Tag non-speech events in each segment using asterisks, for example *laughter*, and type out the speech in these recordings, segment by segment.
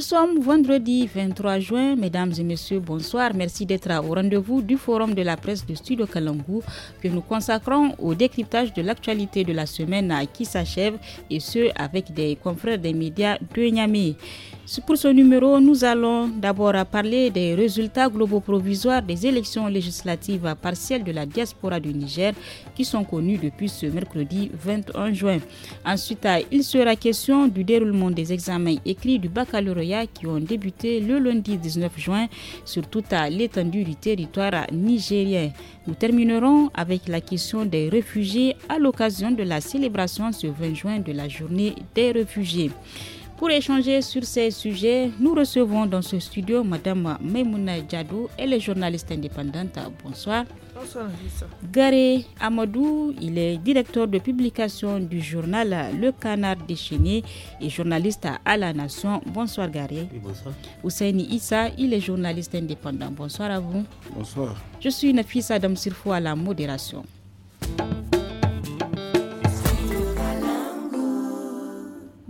Nous sommes vendredi 23 juin. Mesdames et messieurs, bonsoir. Merci d'être au rendez-vous du Forum de la presse de Studio Kalangu que nous consacrons au décryptage de l'actualité de la semaine qui s'achève et ce avec des confrères des médias de Niamey. Pour ce numéro, nous allons d'abord parler des résultats globaux provisoires des élections législatives partielles de la diaspora du Niger qui sont connus depuis ce mercredi 21 juin. Ensuite, il sera question du déroulement des examens écrits du baccalauréat qui ont débuté le lundi 19 juin sur toute l'étendue du territoire nigérien. Nous terminerons avec la question des réfugiés à l'occasion de la célébration ce 20 juin de la journée des réfugiés. Pour échanger sur ces sujets, nous recevons dans ce studio Madame Maimouna Djadou, elle est journaliste indépendante. Bonsoir. Bonsoir, Garé Amadou, il est directeur de publication du journal Le Canard déchaîné et journaliste à La Nation. Bonsoir, Garé. bonsoir. Ousseini Issa, il est journaliste indépendant. Bonsoir à vous. Bonsoir. Je suis Nafisa Adam Sirfou à la modération.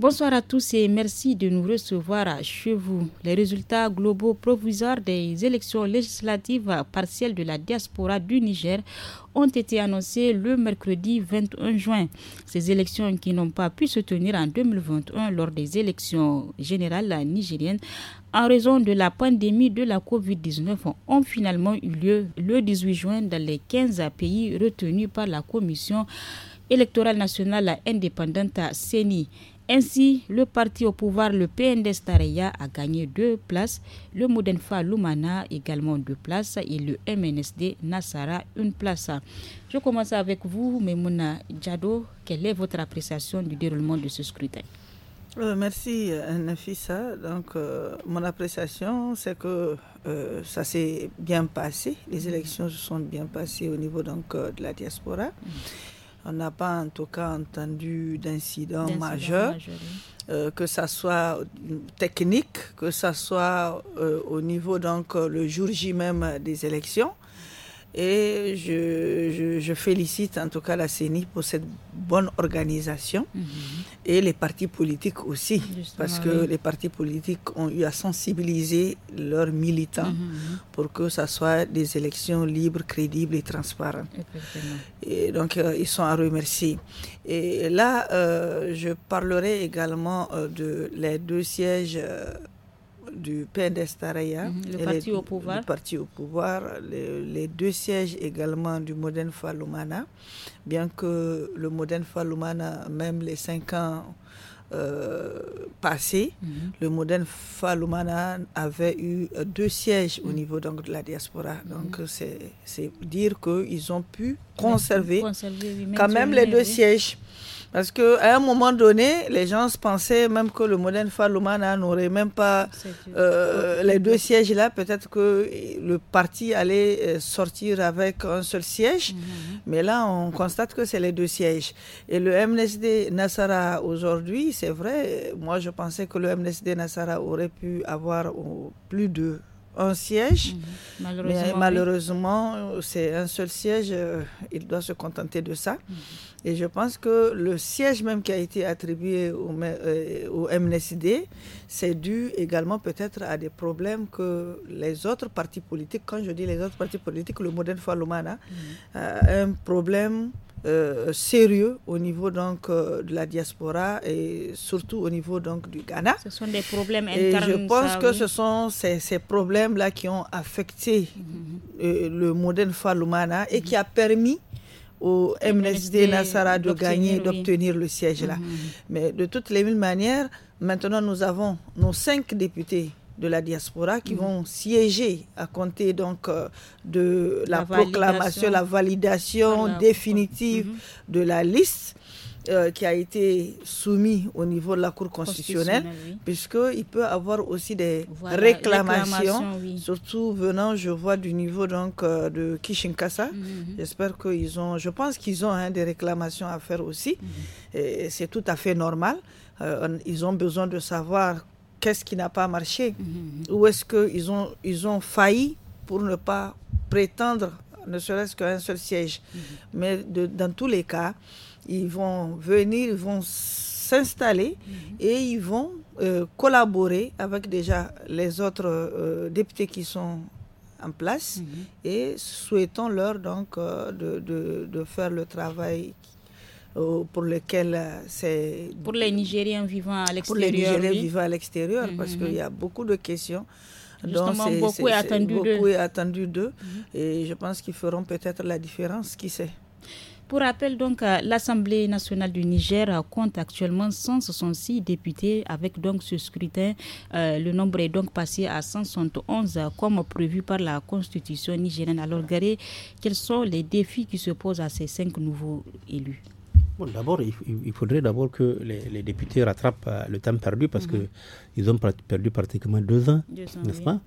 Bonsoir à tous et merci de nous recevoir chez vous. Les résultats globaux provisoires des élections législatives partielles de la diaspora du Niger ont été annoncés le mercredi 21 juin. Ces élections qui n'ont pas pu se tenir en 2021 lors des élections générales nigériennes en raison de la pandémie de la COVID-19 ont finalement eu lieu le 18 juin dans les 15 pays retenus par la Commission électorale nationale indépendante à CENI. Ainsi, le parti au pouvoir, le PND Tareya, a gagné deux places, le Modern Lumana également deux places et le MNSD Nassara une place. Je commence avec vous, Memouna Djado. Quelle est votre appréciation du déroulement de ce scrutin euh, Merci, euh, Nafisa. Donc, euh, mon appréciation, c'est que ça s'est bien passé. Les mm-hmm. élections se sont bien passées au niveau donc, de la diaspora. Mm-hmm. On n'a pas en tout cas entendu d'incident majeur, euh, que ça soit euh, technique, que ça soit euh, au niveau donc le jour J même des élections. Et je, je, je, félicite en tout cas la CENI pour cette bonne organisation mhm. et les partis politiques aussi, parce que les partis politiques ont eu à sensibiliser leurs militants mhm, mhm. pour que ça soit des élections libres, crédibles et transparentes. Et donc euh, ils sont à remercier. Et là, euh, je parlerai également euh, de les deux sièges du PNDS Taraya, mhm, le, parti au pouvoir. parti au pouvoir, les, deux sièges également du Modène Falumana, bien que le Modène Falumana, même les cinq ans euh, passés, mhm. le Modène Falumana avait eu euh, deux sièges au mhm. niveau donc, de la diaspora. Donc c'est dire qu'ils ont pu conserver, quand même les deux sièges. Parce qu'à un moment donné, les gens pensaient même que le modèle Falumana n'aurait même pas euh, les deux sièges-là. Peut-être que le parti allait euh, sortir avec un seul siège. Mhm, mhm. Mais là, on constate que c'est les deux sièges. Et le MNSD Nassara aujourd'hui, c'est vrai, moi je pensais que le MNSD Nassara aurait pu avoir plus de un siège. Mhm. Malheureusement, c'est un seul siège. Euh, il doit se contenter de ça. Mhm. Et je pense que le siège même qui a été attribué au, euh, au c'est dû également peut-être à des problèmes que les autres partis politiques, quand je dis les autres partis politiques, le Modèle Falumana, mhm. euh, un problème euh, sérieux au niveau donc euh, de la diaspora et surtout au niveau donc du Ghana. Ce sont des problèmes internes. Et je pense que ce sont ces, problèmes-là qui ont affecté mhm, mhm. Euh, le modèle Falumana et mhm. qui a permis au MNSD Nassara de gagner, d'obtenir le siège là. Mais de toutes les mille manières, maintenant nous avons nos cinq députés de la diaspora qui mm. vont siéger à compter donc euh, de la, proclamation, la validation définitive mm-hmm. de la liste. Euh, qui a été soumise au niveau de la Cour constitutionnelle, puisque il puisqu'il peut avoir aussi des réclamations, surtout venant, je vois, du niveau donc euh, de Kishinkasa. Kassa. Mm-hmm. J'espère qu'ils ont, je pense qu'ils ont hein, des réclamations à faire aussi. Mm-hmm. C'est tout à fait normal. ils ont besoin de savoir qu'est-ce qui n'a pas marché mm-hmm, mm-hmm. Ou est-ce qu'ils ont, ils ont failli pour ne pas prétendre ne serait-ce qu'un seul siège mm-hmm. Mais dans tous les cas, ils vont venir, ils vont s'installer et ils vont euh, collaborer avec déjà les autres euh, députés qui sont en place et souhaitons leur donc euh, de, de faire le travail euh, euh, pour les Nigériens vivant à l'extérieur. Pour les Nigériens vivant à l'extérieur, mhm, parce mhm. qu'il y a beaucoup de questions. beaucoup est, attendu d'eux. Mhm. Et je pense qu'ils feront peut-être la différence, qui sait. Pour rappel, donc, euh, l'Assemblée nationale du Niger compte actuellement 166 députés avec donc ce scrutin. le nombre est donc passé à 171 comme prévu par la Constitution nigérienne. Alors, Garé, quels sont les défis qui se posent à ces cinq nouveaux élus Bon, d'abord, il, faudrait d'abord que les, députés rattrapent euh, le temps perdu parce qu'ils que mhm. ont perdu pratiquement deux ans, n'est-ce pas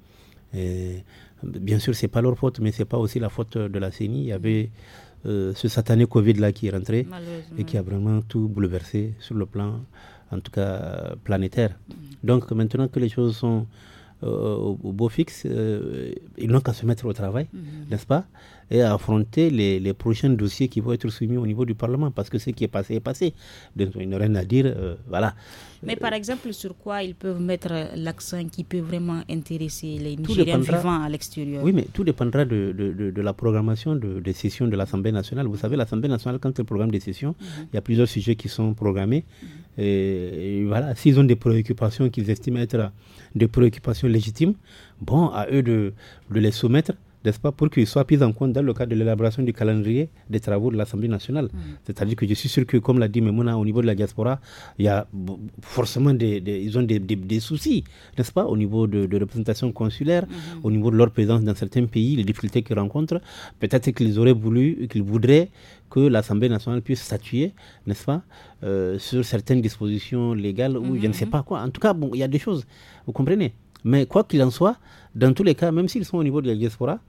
Bien sûr, c'est pas leur faute, mais ce n'est pas aussi la faute de la CENI. Il y avait euh, ce satané Covid-là qui est rentré et qui a vraiment tout bouleversé sur le plan, en tout cas planétaire. Mhm. Donc maintenant que les choses sont euh, au, beau fixe, ils n'ont qu'à se mettre au travail, mhm. n'est-ce pas et à affronter les, les, prochains dossiers qui vont être soumis au niveau du Parlement, parce que ce qui est passé est passé. Donc, il n'y a rien à dire. Euh, voilà. Mais par exemple, sur quoi ils peuvent mettre l'accent qui peut vraiment intéresser les Nigériens vivant à l'extérieur Oui, mais tout dépendra de, de, de, la programmation des sessions de l'Assemblée nationale. Vous savez, l'Assemblée nationale, quand elle programme des sessions, mhm. il y a plusieurs sujets qui sont programmés. Mhm. et, voilà, s'ils ont des préoccupations qu'ils estiment être des préoccupations légitimes, bon, à eux de les soumettre n'est-ce pas, pour qu'il soit pris en compte dans le cadre de l'élaboration du calendrier des travaux de l'Assemblée nationale. Mm. C'est-à-dire que je suis sûr que, comme l'a dit Memouna, au niveau de la diaspora, il y a forcément des, ils ont des, des, soucis, n'est-ce pas, au niveau de, représentation consulaire, mm-hmm. au niveau de leur présence dans certains pays, les difficultés qu'ils rencontrent. Peut-être qu'ils auraient voulu, qu'ils voudraient que l'Assemblée nationale puisse statuer, n'est-ce pas, euh, sur certaines dispositions légales ou je ne sais mm-hmm. pas quoi. En tout cas, bon, il y a des choses, vous comprenez. Mais quoi qu'il en soit, dans tous les cas, même s'ils sont au niveau de la diaspora,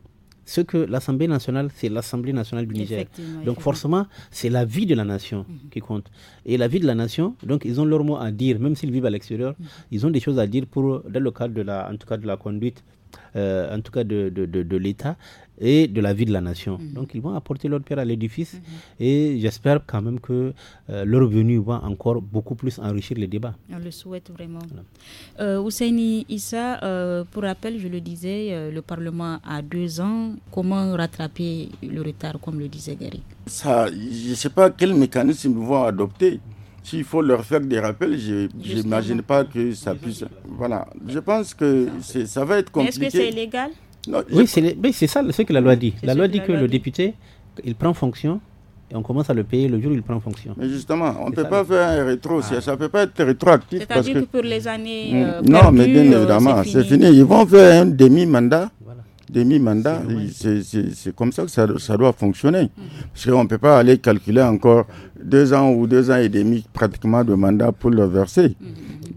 ce que l'Assemblée nationale, c'est l'Assemblée nationale du Niger. Donc forcément, c'est la vie de la nation mhm. qui compte. Et la vie de la nation, donc ils ont leur mot à dire, même s'ils vivent à l'extérieur, mhm. ils ont des choses à dire pour, dans le cadre de la, en tout cas de la conduite euh, en tout cas de, de, de l'État, et de la vie de la nation. Mm-hmm. Donc ils vont apporter leur pierre à l'édifice mm-hmm. et j'espère quand même que euh, leur venue va encore beaucoup plus enrichir les débats. On le souhaite vraiment. Voilà. Euh, Issa, euh, pour rappel, je le disais, le Parlement a deux ans. Comment rattraper le retard, comme le disait Derek Ça, Je ne sais pas quel mécanisme ils vont adopter. S'il faut leur faire des rappels, je n'imagine pas que ça puisse. Voilà, je pense que ça va être compliqué. Est-ce que c'est illégal oui, c'est ça ce que la loi dit. La loi dit que, le député, il prend fonction et on commence à le payer le jour où il prend fonction. Mais justement, on ne peut pas faire un rétro, ça ne peut pas être rétroactif. C'est-à-dire que... pour les années. Mm. Euh, non, mais bien euh, évidemment, c'est fini. Ils vont faire un demi-mandat. Voilà. Demi-mandat, c'est comme ça que ça, doit fonctionner. Mm. Parce qu'on ne peut pas aller calculer encore deux ans ou deux ans et demi pratiquement de mandat pour le verser, mm.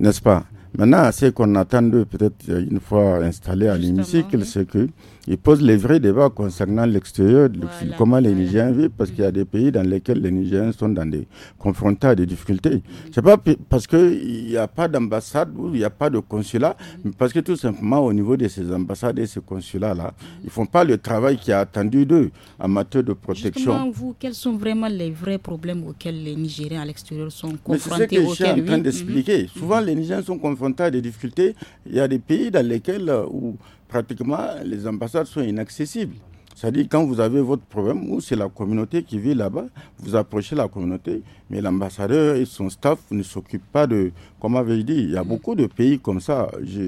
n'est-ce pas Maintenant, ce qu'on attend peut-être une fois installé à l'hémicycle, c'est que il pose les vrais débats concernant l'extérieur, comment les Nigériens vivent, parce qu'il y a des pays dans lesquels les Nigériens sont dans des, confrontés à des difficultés. C'est pas parce qu'il n'y a pas d'ambassade ou il n'y a pas de consulat, mais mm. parce que tout simplement au niveau de ces ambassades et ces consulats-là, ils font pas le travail qui est attendu d'eux en matière de protection. Justement, vous, quels sont vraiment les vrais problèmes auxquels les Nigériens à l'extérieur sont confrontés C'est ce que je suis en train mm-hmm. d'expliquer. Souvent, mm-hmm. les Nigériens sont confrontés à des difficultés. Il y a des pays dans lesquels euh, où pratiquement, les ambassades sont inaccessibles. C'est-à-dire, quand vous avez votre problème, ou c'est la communauté qui vit là-bas, vous approchez la communauté, mais l'ambassadeur et son staff ne s'occupent pas de. Comme avait dit, il y a mm. beaucoup de pays comme ça. Je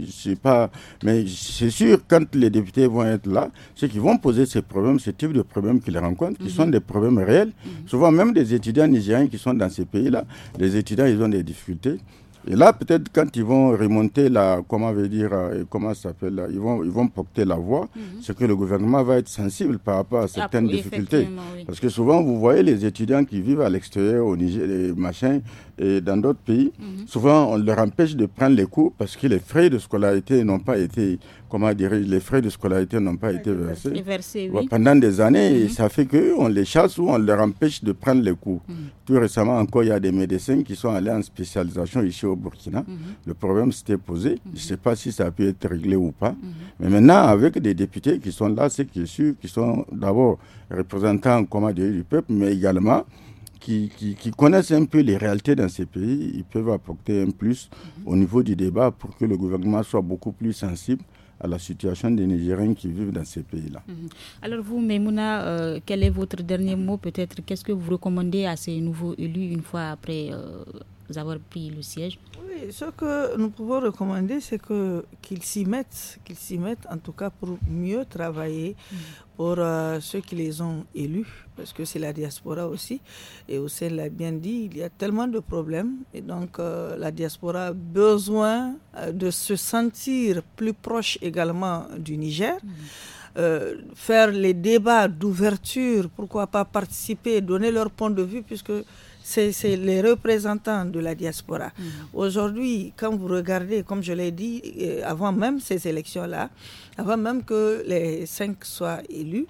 ne sais pas. Mais c'est sûr, quand les députés vont être là, ceux qui vont poser ces problèmes, ce type de problèmes qu'ils rencontrent, qui mm-hmm. sont des problèmes réels, mm-hmm. souvent même des étudiants nigériens qui sont dans ces pays-là, les étudiants, ils ont des difficultés. Et là, peut-être quand ils vont remonter la, comment veut dire, euh, comment ça s'appelle, ils vont, ils vont porter la voix, ce mhm. c'est que le gouvernement va être sensible par rapport à certaines ah difficultés. Parce que souvent, vous voyez les étudiants qui vivent à l'extérieur, au Niger, les et dans d'autres pays, mhm. souvent on leur empêche de prendre les cours parce que les frais de scolarité n'ont pas été, comment dire, les frais de scolarité n'ont pas été versés. Pendant des années, mhm. ça fait qu'on les chasse ou on leur empêche de prendre les cours. Tout récemment encore, il y a des médecins qui sont allés en spécialisation ici au Burkina. Mhm. Le problème s'était posé. Je ne mhm. sais pas si ça a pu être réglé ou pas. Mhm. Mais maintenant, avec des députés qui sont là, c'est qui qui sont d'abord représentants du peuple, mais également qui, connaissent un peu les réalités dans ces pays, ils peuvent apporter un plus au niveau du débat pour que le gouvernement soit beaucoup plus sensible à la situation des Nigériens qui vivent dans ces pays-là. Alors vous, Memouna, euh, quel est votre dernier mot peut-être Qu'est-ce que vous recommandez à ces nouveaux élus une fois après euh, avoir pris le siège. Oui, ce que nous pouvons recommander, c'est que qu'ils s'y mettent, qu'ils s'y mettent en tout cas pour mieux travailler mm. pour euh, ceux qui les ont élus, parce que c'est la diaspora aussi. Et Hussein l'a bien dit, il y a tellement de problèmes, et donc euh, la diaspora a besoin euh, de se sentir plus proche également du Niger. Mm. faire les débats d'ouverture, pourquoi pas participer, donner leur point de vue, puisque c'est les représentants de la diaspora. Mm. Aujourd'hui, quand vous regardez, comme je l'ai dit, euh, avant même ces élections-là, avant même que les cinq soient élus,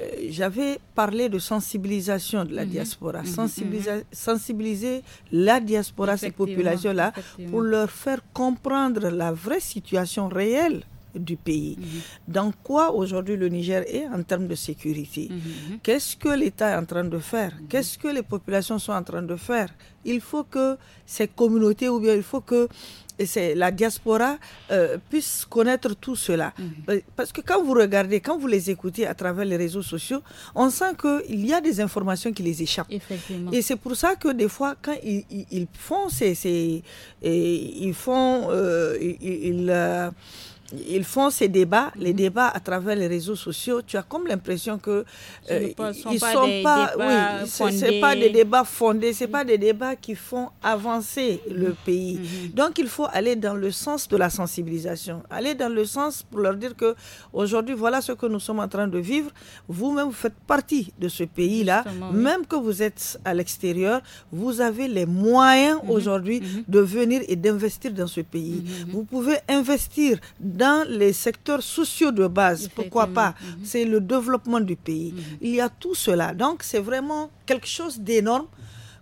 euh, j'avais parlé de sensibilisation de la mm-hmm. diaspora, mm-hmm. Mm-hmm. sensibiliser la diaspora, ces populations-là, pour leur faire comprendre la vraie situation réelle du pays. Mhm. Dans quoi aujourd'hui le Niger est en termes de sécurité mhm, mhm. Qu'est-ce que l'État est en train de faire Qu'est-ce que les populations sont en train de faire Il faut que ces communautés ou bien il faut que la diaspora euh, puisse connaître tout cela. Euh, parce que quand vous regardez, quand vous les écoutez à travers les réseaux sociaux, on sent qu'il y a des informations qui les échappent. Et c'est pour ça que des fois, quand ils, font ces... ils font... Euh, ils, ils font ces débats, les mhm. débats à travers les réseaux sociaux. Tu as comme l'impression que euh, ils sont pas, oui, c'est pas des débats fondés, c'est pas mhm. des débats qui font avancer mhm. le pays. Donc il faut aller dans le sens de la sensibilisation, aller dans le sens pour leur dire que aujourd'hui voilà ce que nous sommes en train de vivre. Vous-même vous faites partie de ce pays là, même que vous êtes à l'extérieur, vous avez les moyens aujourd'hui de venir et d'investir dans ce pays. Vous pouvez investir dans les secteurs sociaux de base, pourquoi pas, mm-hmm. c'est le développement du pays. Mm-hmm. Il y a tout cela. Donc c'est vraiment quelque chose d'énorme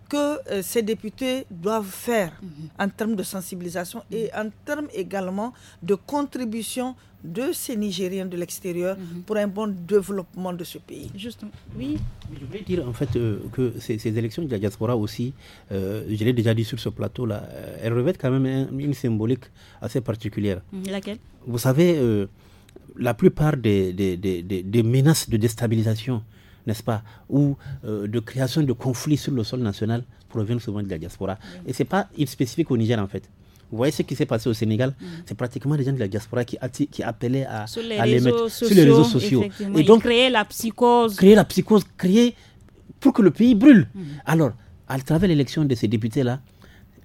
que euh, ces députés doivent faire mm-hmm. en termes de sensibilisation et en termes également de contribution de ces Nigériens de l'extérieur mhm. pour un bon développement de ce pays. Justement, oui. Je voulais dire en fait euh, que ces, élections de la diaspora aussi, euh, je l'ai déjà dit sur ce plateau là, euh, elles revêtent quand même une symbolique assez particulière. Mhm. Laquelle Vous savez, la plupart des, menaces de déstabilisation, n'est-ce pas, ou de création de conflits sur le sol national proviennent souvent de la diaspora. et ce Et c'est pas spécifique au Niger en fait. Vous voyez ce qui s'est passé au Sénégal mm. C'est pratiquement les gens de la diaspora qui, qui appelaient à, les, mettre sur les réseaux sociaux. Et donc, créer la psychose. Créer la psychose, créer pour que le pays brûle. Mm. Alors, à travers l'élection de ces députés-là,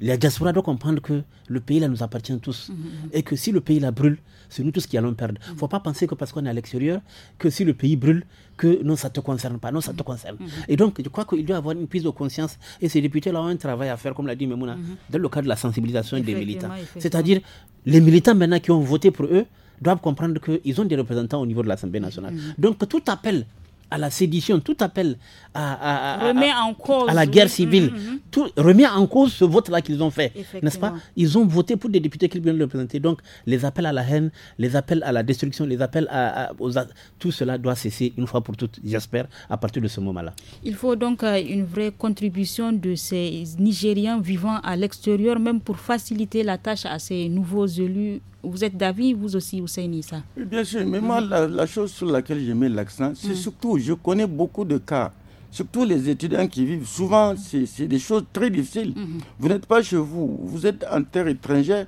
la diaspora doivent comprendre que le pays là nous appartient tous mm-hmm, mm-hmm. et que si le pays là brûle, c'est nous tous qui allons perdre. Il mm-hmm. ne faut pas penser que parce qu'on est à l'extérieur, que si le pays brûle, que non, ça ne te concerne pas. Non, ça te concerne. Et donc, je crois qu'il doit avoir une prise de conscience et ces députés-là ont un travail à faire, comme l'a dit Memouna, dans le cadre de la sensibilisation des militants. C'est-à-dire, les militants maintenant qui ont voté pour eux doivent comprendre qu'ils ont des représentants au niveau de l'Assemblée nationale. Donc, tout appel à la sédition, tout appel à, à, à la guerre mm, civile, mm, mm, tout remet en cause ce vote-là qu'ils ont fait, n'est-ce pas Ils ont voté pour des députés qu'ils viennent de représenter. Donc, les appels à la haine, les appels à la destruction, les appels à, tout cela doit cesser une fois pour toutes, j'espère, à partir de ce moment-là. Il faut donc euh, une vraie contribution de ces Nigériens vivant à l'extérieur, même pour faciliter la tâche à ces nouveaux élus vous êtes d'avis, vous aussi, Ousseini, ça Bien sûr, mais moi, la, chose sur laquelle je mets l'accent, c'est mm. surtout, je connais beaucoup de cas surtout les étudiants qui vivent souvent, c'est des choses très difficiles. Mm-hmm. Vous n'êtes pas chez vous, vous êtes en terre étrangère.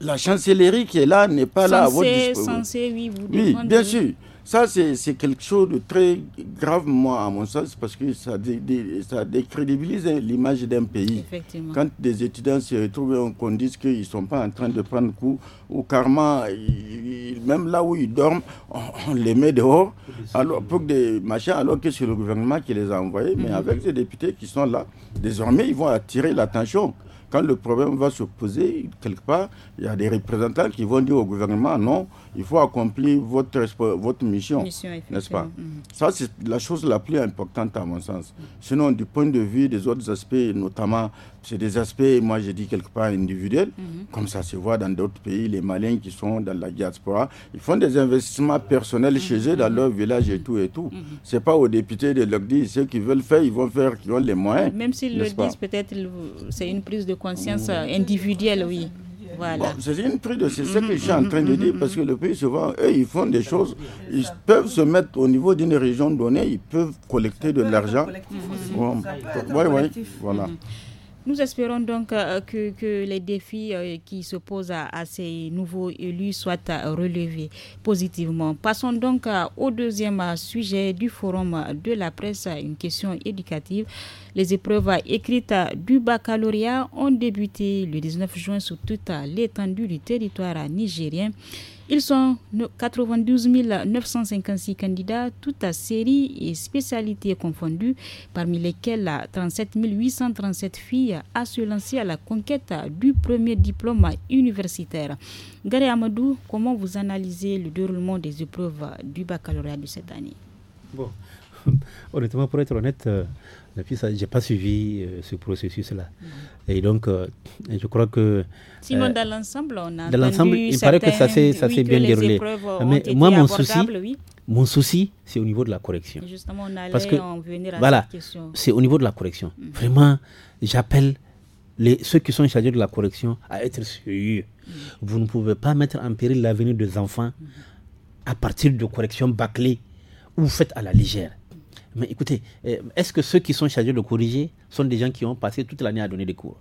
La chancellerie qui est là n'est pas là à votre disposition. oui, vous oui bien sûr. Ça, c'est quelque chose de très grave, moi, à mon sens, parce que ça, décrédibilise l'image d'un pays. Quand des étudiants se retrouvent, et qu'on dise qu'ils ne sont pas en train de prendre coup, ou carrément, même là où ils dorment, on, les met dehors, alors, pour des machins, alors que c'est le gouvernement qui les a envoyés. Mais avec les députés qui sont là, désormais, ils vont attirer l'attention quand le problème va se poser quelque part, il y a des représentants qui vont dire au gouvernement non, il faut accomplir votre, votre mission, n'est-ce pas Ça, c'est la chose la plus importante à mon sens. Sinon, du point de vue des autres aspects, notamment, c'est des aspects, moi je dis quelque part individuels, mhm. comme ça se voit dans d'autres pays, les Maliens qui sont dans la diaspora, ils font des investissements personnels chez mhm. eux, dans mhm. leur village et tout et tout. C'est pas aux députés de leur dire, ceux qui veulent faire, ils vont faire, ils ont les moyens. Même s'ils le disent, peut-être c'est une prise de conscience individuelle, oui c'est une de c'est ce que je suis en train de dire, parce que le pays, souvent, eux, ils font des choses, ils peuvent se mettre au niveau d'une région donnée, ils peuvent collecter de l'argent. Oui, oui, voilà. Mm-hmm. Nous espérons donc euh, que, les défis euh, qui se posent à, à, ces nouveaux élus soient euh, relevés positivement. Passons donc au deuxième sujet du forum de la presse, une question éducative. Les épreuves écrites du baccalauréat ont débuté le 19 juin sur toute l'étendue du territoire nigérien. Ils sont 92 956 candidats, toutes à séries et spécialités confondues, parmi lesquelles 37 837 filles a se lancer à la conquête du premier diplôme universitaire. Gary Amadou, comment vous analysez le déroulement des épreuves du baccalauréat de cette année Bon, *laughs* honnêtement, pour être honnête, je euh, n'ai pas suivi euh, ce processus-là. Et donc, euh, je crois que. Simon, euh, dans l'ensemble, on a. l'ensemble, il paraît que ça s'est bien déroulé. Mais moi, mon souci, mon souci, c'est au niveau de la correction. justement, on Parce que, venir à voilà, question. C'est au niveau de la correction. Mm. Vraiment, j'appelle ceux qui sont chargés de la correction à être sérieux. Mm. Vous ne pouvez pas mettre en péril l'avenir des enfants mm. à partir de corrections bâclées ou faites à la légère. Mais écoutez, euh, est-ce que ceux qui sont chargés de corriger sont des gens qui ont passé toute l'année à donner des cours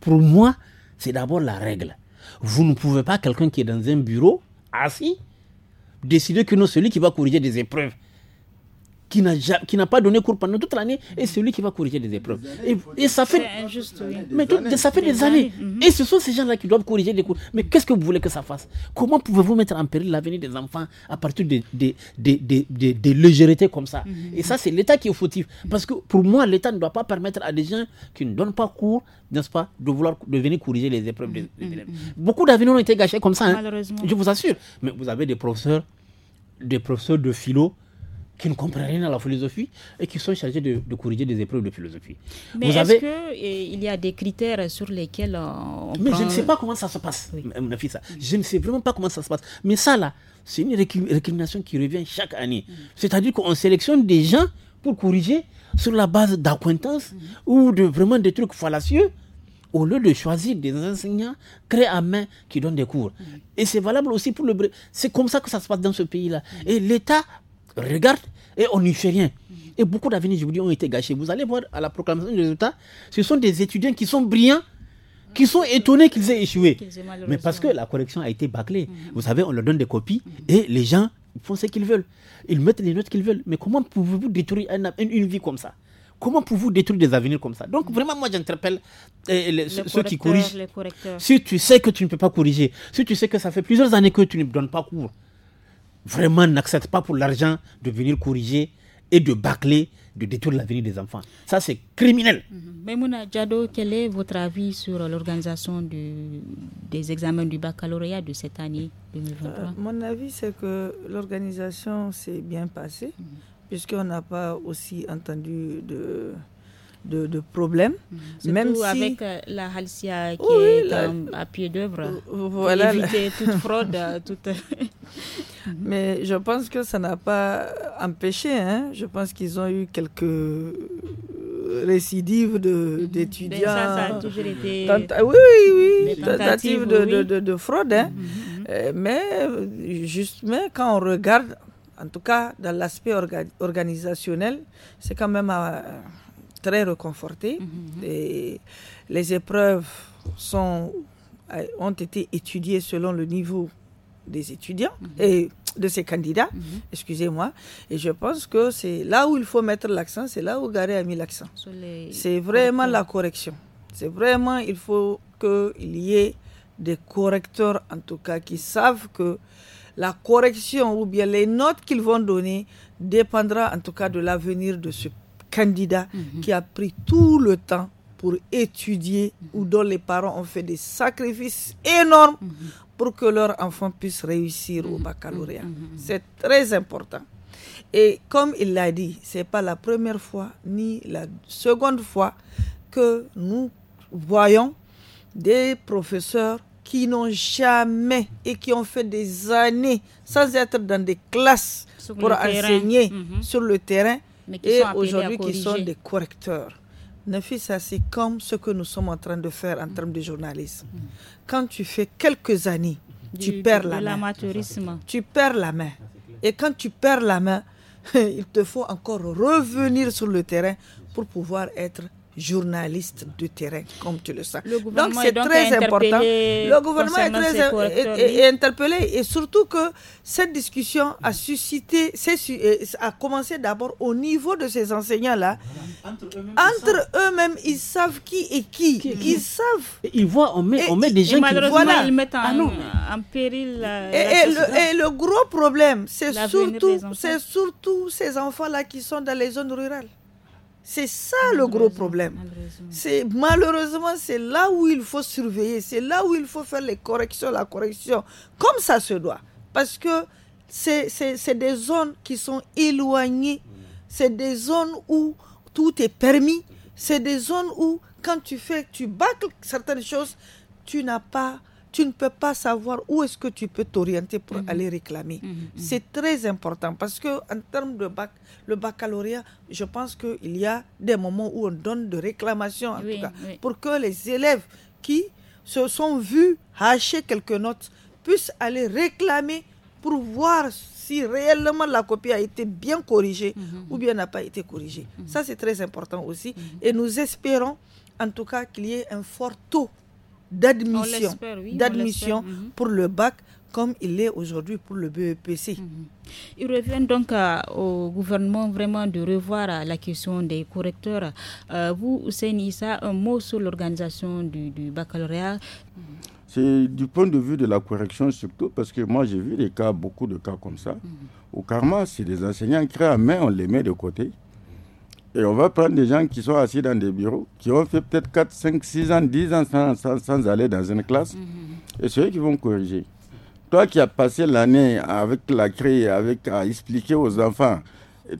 Pour moi, c'est d'abord la règle. Vous ne pouvez pas, quelqu'un qui est dans un bureau, assis, décider que non, celui qui va corriger des épreuves, qui n'a pas donné cours pendant toute l'année est mhm. celui qui va corriger les épreuves. Et, ça fait, injuste, mais ça fait des, années. Et mhm. ce sont ces gens-là qui doivent corriger les cours. Mais qu'est-ce que vous voulez que ça fasse Comment pouvez-vous mettre en péril l'avenir des enfants à partir de, de, légèretés comme ça mhm. Et ça, c'est l'État qui est fautif. Parce que pour moi, l'État ne doit pas permettre à des gens qui ne donnent pas cours, n'est-ce pas, de vouloir venir corriger les épreuves Beaucoup d'avenirs ont été gâchés comme ça. Hein. Je vous assure. Mais vous avez des professeurs, des professeurs de philo qui ne comprennent rien à la philosophie et qui sont chargés de, corriger des épreuves de philosophie. Mais est-ce qu'il eh, y a des critères sur lesquels on Mais je ne sais pas comment ça se passe, mon fille, Je ne sais vraiment pas comment ça se passe. Mais ça, là, c'est une récrimination qui revient chaque année. Mm. C'est-à-dire qu'on sélectionne des gens pour corriger sur la base d'acquaintances mm. ou de vraiment des trucs fallacieux au lieu de choisir des enseignants créés à main qui donnent des cours. Mm. Et c'est valable aussi pour le... C'est comme ça que ça se passe dans ce pays-là. Et l'État regarde et on n'y fait rien. Et beaucoup d'avenirs, je vous dis, ont été gâchés. Vous allez voir à la proclamation des résultat, ce sont des étudiants qui sont brillants, qui sont étonnés qu'ils aient échoué. Mais parce que la correction a été bâclée. Mhm. Vous savez, on leur donne des copies et les gens font ce qu'ils veulent. Ils mettent les notes qu'ils veulent. Mais comment pouvez-vous détruire une, vie comme ça Comment pouvez-vous détruire des avenirs comme ça Donc vraiment, moi, j'interpelle euh, ceux qui corrigent. Si tu sais que tu ne peux pas corriger, si tu sais que ça fait plusieurs années que tu ne donnes pas cours, vraiment n'acceptent pas pour l'argent de venir corriger et de bâcler, de détruire l'avenir des enfants. Ça, c'est criminel. Memouna mhm. mm quel est votre avis sur l'organisation des examens du baccalauréat de cette année 2023 euh, Mon avis, c'est que l'organisation s'est bien passée, mhm. puisqu'on n'a pas aussi entendu de de, problèmes. Mm. Même si... avec euh, la Halcia qui est à pied d'œuvre. Euh, pour éviter toute *laughs* fraude. toute... *laughs* Mais je pense que ça n'a pas empêché. Hein. Je pense qu'ils ont eu quelques récidives mm-hmm. ben, d'étudiants. Ça, ça a toujours été. oui, oui, oui. Tentatives, de, de, de, fraude. Hein. Mm-hmm. Euh, mais, juste, mais quand on regarde en tout cas dans l'aspect organisationnel, c'est quand même à, très mhm, mhm. Et les épreuves sont, euh, ont été étudiées selon le niveau des étudiants mhm. et de ces candidats, excusez-moi. Et je pense que c'est là où il faut mettre l'accent, c'est là où Garé a mis l'accent. C'est vraiment la correction. C'est vraiment, il faut qu'il y ait des correcteurs, en tout cas, qui savent que la correction ou bien les notes qu'ils vont donner dépendra en tout cas de l'avenir de ce candidat mhm. qui a pris tout le temps pour étudier mhm. ou dont les parents ont fait des sacrifices énormes mhm. pour que leur enfant puisse réussir au baccalauréat. C'est très important. Et comme il l'a dit, ce n'est pas la première fois ni la seconde fois que nous voyons des professeurs qui n'ont jamais et qui ont fait des années sans être dans des classes pour enseigner sur le terrain et aujourd'hui qui sont des correcteurs. ne ça c'est comme ce que nous sommes en train de faire en termes de journalisme. Mm. Quand tu fais quelques années, tu perds la main. Tu perds la main. Et quand tu perds la main, *laughs* il te faut encore revenir sur le terrain pour pouvoir être journalistes de terrain, comme tu le sais. donc c'est très important. Le gouvernement est très interpellé et surtout que cette discussion a suscité, euh, a commencé d'abord au niveau de ces enseignants-là. Entre eux-mêmes, ils, savent qui est qui. ils savent. Ils voient, on met, des gens qui voilà. ils mettent en, ah, péril. La, et, le, gros problème, c'est surtout, surtout ces enfants-là qui sont dans les zones rurales. C'est ça le gros problème. C'est malheureusement c'est là où il faut surveiller, c'est là où il faut faire les corrections, la correction comme ça se doit, parce que c'est des zones qui sont éloignées, c'est des zones où tout est permis, c'est des zones où quand tu fais, tu bâcles certaines choses, tu n'as pas tu ne peux pas savoir où est-ce que tu peux t'orienter pour mhm. aller réclamer. Mhm, mhm. C'est très important parce que en termes de bac, le baccalauréat, je pense qu'il y a des moments où on donne de réclamations en tout cas pour que les élèves qui se sont vus hacher quelques notes puissent aller réclamer pour voir si réellement la copie a été bien corrigée ou bien n'a pas été corrigée. Ça, c'est très important aussi. Et nous espérons, en tout cas, qu'il y ait un fort taux d'admission d'admission mhm. pour le bac comme il est aujourd'hui pour le BEPC. Mhm. Il revient donc euh, au gouvernement vraiment de revoir euh, la question des correcteurs. Euh, vous, Hussein Issa, un mot sur l'organisation du, baccalauréat mhm. C'est du point de vue de la correction surtout, parce que moi j'ai vu des cas, beaucoup de cas comme ça. Au karma, c'est des enseignants créés à main, on les met de côté. Et on va prendre des gens qui sont assis dans des bureaux, qui ont fait peut-être 4, 5, 6 ans, 10 ans sans, aller dans une classe. Mhm. Et ceux qui vont corriger. Toi qui as passé l'année avec la crise, avec, à expliquer aux enfants,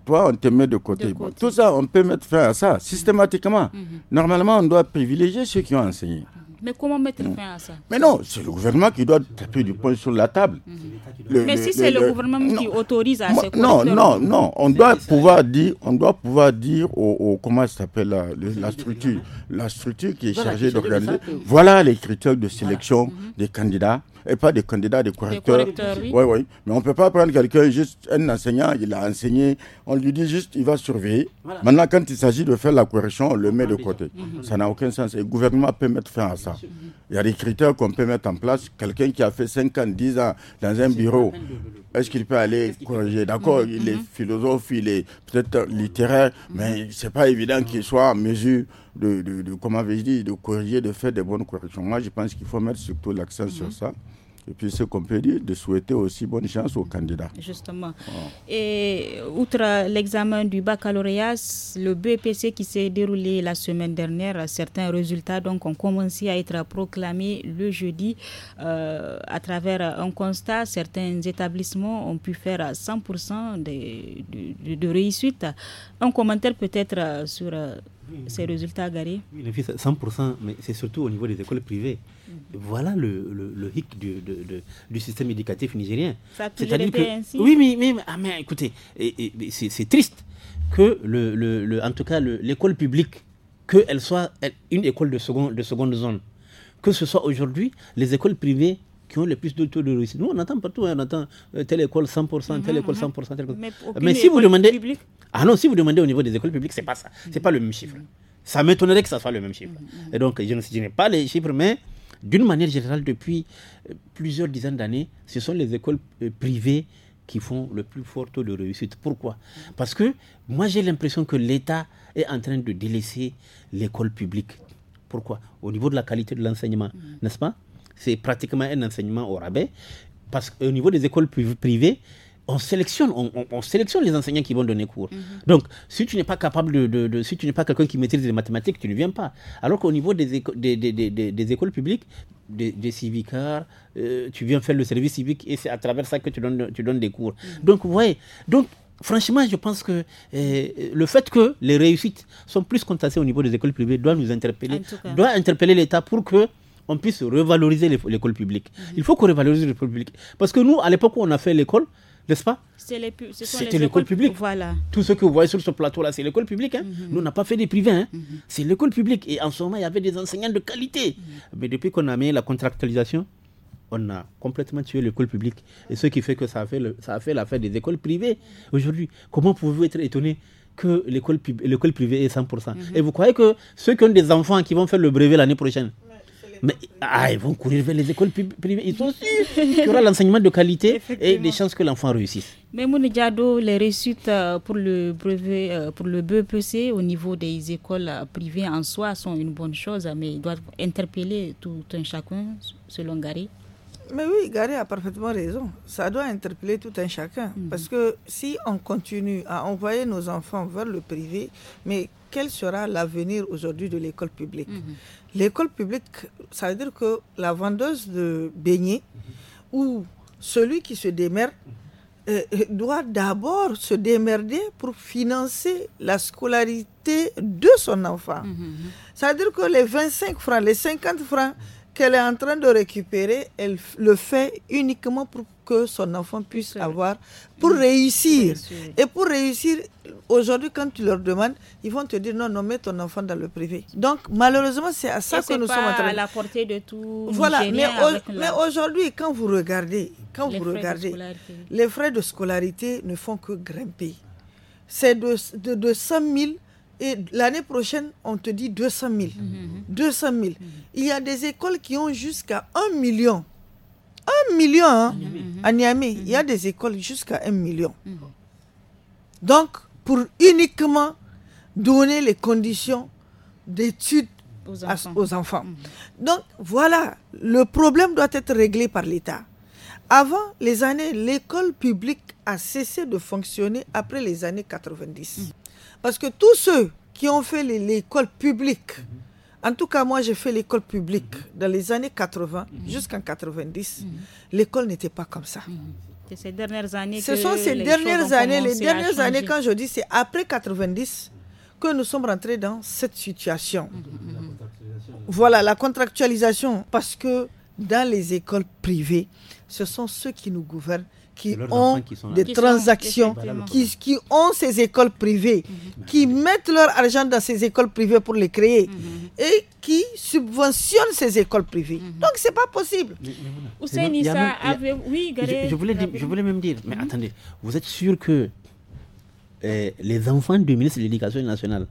toi, on te met de côté. Tout ça, on peut mettre fin à ça systématiquement. Mhm. Normalement, on doit privilégier ceux qui ont enseigné. Mais comment mettre mm. fin à ça Mais non, c'est le gouvernement qui doit taper du poing sur la table. Mm-hmm. mais si c'est le, gouvernement qui autorise à ces Non, non, non. On doit pouvoir dire, on doit pouvoir dire au, au comment s'appelle la, structure, la structure qui est chargée d'organiser. Voilà les critères de sélection mm-hmm. des candidats et pas des candidats, des correcteurs. oui. oui, Mais on ne peut pas prendre quelqu'un, juste un enseignant, il a enseigné, on lui dit juste, il va surveiller. Maintenant, quand il s'agit de faire la correction, on le met de côté. Ça n'a aucun sens. Et le gouvernement peut mettre fin à ça. Il y a des critères qu'on peut mettre en place. Quelqu'un qui a fait 5 ans, 10 ans dans un bureau, est-ce qu'il peut aller corriger D'accord, mm-hmm. il est mm-hmm. philosophe, il est peut-être littéraire, mm-hmm. mais ce n'est pas évident qu'il soit en mesure de, de, comment je dit, de corriger, de faire des bonnes corrections. Moi, je pense qu'il faut mettre surtout l'accent sur ça. Et puis ce qu'on peut dire, de souhaiter aussi bonne chance aux candidats. Justement. Ah. Et outre l'examen du baccalauréat, le BPC qui s'est déroulé la semaine dernière, certains résultats donc, ont commencé à être proclamés le jeudi euh, à travers un constat. Certains établissements ont pu faire 100% de réussite. Un commentaire peut-être sur euh, ces résultats, Gary Oui, 100%, mais c'est surtout au niveau des écoles privées. Mhm. Voilà le, hic du, système éducatif nigérien. c'est à que, Oui, mais, mais, ah, écoutez, c'est triste que, le, en tout cas, l'école publique, qu'elle soit une école de seconde, de seconde zone, que ce soit aujourd'hui les écoles privées qui ont le plus de taux de réussite. Nous, on entend partout, hein, on entend euh, telle école 100%, telle mhm, école 100%, mhm. telle école. Mais, Mais si vous demandez. Ah non, si vous demandez au niveau des écoles publiques, ce n'est pas ça. ce C'est pas le même chiffre. Mhm. Ça m'étonnerait que ce soit le même chiffre. Et donc, je, je n'ai pas les chiffres, mais d'une manière générale, depuis euh, plusieurs dizaines d'années, ce sont les écoles euh, privées qui font le plus fort taux de réussite. Pourquoi Parce que moi, j'ai l'impression que l'État est en train de délaisser l'école publique. Pourquoi Au niveau de la qualité de l'enseignement, n'est-ce pas c'est pratiquement un enseignement au rabais. Parce qu'au niveau des écoles privées, on sélectionne, on, sélectionne les enseignants qui vont donner cours. Mhm. Donc, si tu n'es pas capable de, si tu n'es pas quelqu'un qui maîtrise les mathématiques, tu ne viens pas. Alors qu'au niveau des, des, écoles publiques, des, civicards, euh, tu viens faire le service civique et c'est à travers ça que tu donnes, tu donnes des cours. Mhm. Donc, ouais. Donc, franchement, je pense que euh, le fait que les réussites sont plus contestées au niveau des écoles privées doit nous interpeller, doit interpeller l'État pour que on puisse revaloriser l'école publique. Il faut qu'on revalorise l'école publique. Parce que nous, à l'époque où on a fait l'école, n'est-ce pas C'était l'école publique. Voilà. Tout ce que vous voyez sur ce plateau-là, c'est l'école publique. Hein. Mhm. Nous, on n'a pas fait des privés. Hein. Mhm. C'est l'école publique. Et en ce moment, il y avait des enseignants de qualité. Mhm. Mais depuis qu'on a mis la contractualisation, on a complètement tué l'école publique. Et ce qui fait que ça a fait, l'affaire des écoles privées aujourd'hui. Comment pouvez-vous être étonné que l'école, l'école privée est 100% Et vous croyez que ceux qui ont des enfants qui vont faire le brevet l'année prochaine, mais ah, ils vont courir vers les écoles privées. Il qu'il y aura l'enseignement de qualité et les chances que l'enfant réussisse. Mais Mouni les réussites euh, pour le brevet, euh, pour le BPC e au niveau des écoles euh, privées en soi sont une bonne chose, mais ils doivent interpeller tout un chacun selon Gary. Mais oui, Gary a parfaitement raison. Ça doit interpeller tout un chacun. Mhm. Parce que si on continue à envoyer nos enfants vers le privé, mais quel sera l'avenir aujourd'hui de l'école publique mhm. L'école publique, ça veut dire que la vendeuse de beignets ou celui qui se démerde euh, euh, doit d'abord se démerder pour financer la scolarité de son enfant. Mhm. Ça veut dire que les 25 francs, les 50 francs, qu'elle est en train de récupérer, elle le fait uniquement pour que son enfant puisse avoir, pour réussir. Et pour réussir, aujourd'hui, quand tu leur demandes, ils vont te dire non, non, mets ton enfant dans le privé. Donc, malheureusement, c'est à ça que nous sommes en train. à la portée de tout. Voilà, mais, aujourd'hui, quand vous regardez, quand les vous regardez, les frais de scolarité ne font que grimper. C'est de, de, de 100 000 et l'année prochaine, on te dit 200 000. 200 000. Il y a des écoles qui ont jusqu'à 1 million. 1 million hein, à Niamey. Il y a des écoles jusqu'à 1 million. Mm-hmm. Donc, pour uniquement donner les conditions d'études aux enfants. Mm-hmm. Donc voilà, le problème doit être réglé par l'État. Avant les années, l'école publique a cessé de fonctionner après les années 90. Parce que tous ceux qui ont fait l'école publique, en tout cas, moi, j'ai fait l'école publique dans les années 80 jusqu'en 90. L'école n'était pas comme ça. Ces dernières années Ce sont ces dernières années, les dernières années, quand je dis c'est après 90 que nous sommes rentrés dans cette situation. Mm-hmm, mm-hmm. Voilà, la contractualisation, parce que dans les écoles privées, ce sont ceux qui nous gouvernent qui ont des transactions, qui, qui, ont ces écoles privées, mhm. Mhm. qui mhm. mettent leur argent dans ces écoles privées pour les créer et qui subventionnent ces écoles privées. Donc, ce n'est pas possible. je, voulais même dire, mais attendez, vous êtes sûr que eh, les enfants du ministre de l'Éducation nationale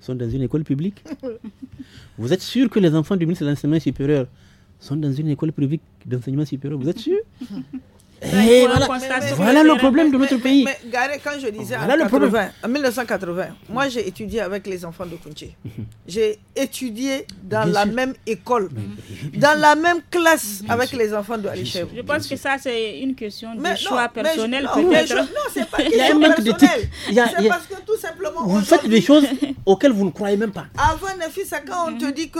sont dans une école publique *laughs* Vous êtes sûr que les enfants du ministre de l'Enseignement supérieur sont dans une école publique d'enseignement supérieur Vous êtes sûr *laughs* Eh, voilà, le problème de notre pays. Mais, quand je disais en, 1980, moi j'ai étudié avec les enfants de Kunche. *laughs* J'ai étudié dans la même école, dans la même classe avec les enfants de Alichev. Je pense que ça c'est une question de choix personnel peut-être. Hein. Non, c'est pas *laughs* question personnelle. C'est parce que tout simplement... Vous faites des choses *laughs* auxquelles vous ne croyez même pas. Avant, fils, quand on te mhm. dit que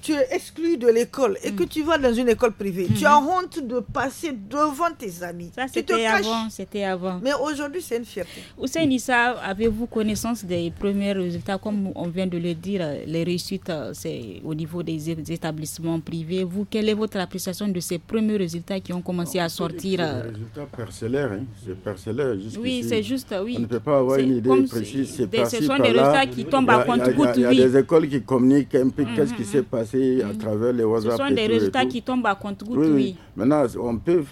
tu es exclu de l'école et mm. que tu vas dans une école privée, tu as mm-hmm. honte de passer devant tes amis. c'était avant, c'était avant. Mais aujourd'hui, c'est une fierté. Oussein Nissa, avez-vous connaissance des premiers résultats Comme on vient de le dire, les réussites, euh, c'est au niveau des établissements privés. Vous, quelle est votre appréciation de ces premiers résultats qui ont commencé à ah, sortir euh? hein. C'est résultats parcellaires, c'est parcellaire. Oui, c'est juste, oui. On ne peut pas avoir une idée précise. ce sont des résultats qui tombent à compte Il y a des écoles qui communiquent un peu qu'est-ce qui mm-hmm. s'est passé à mm. travers les WhatsApp. Ce sont des résultats qui tombent à contre oui, Maintenant, on peut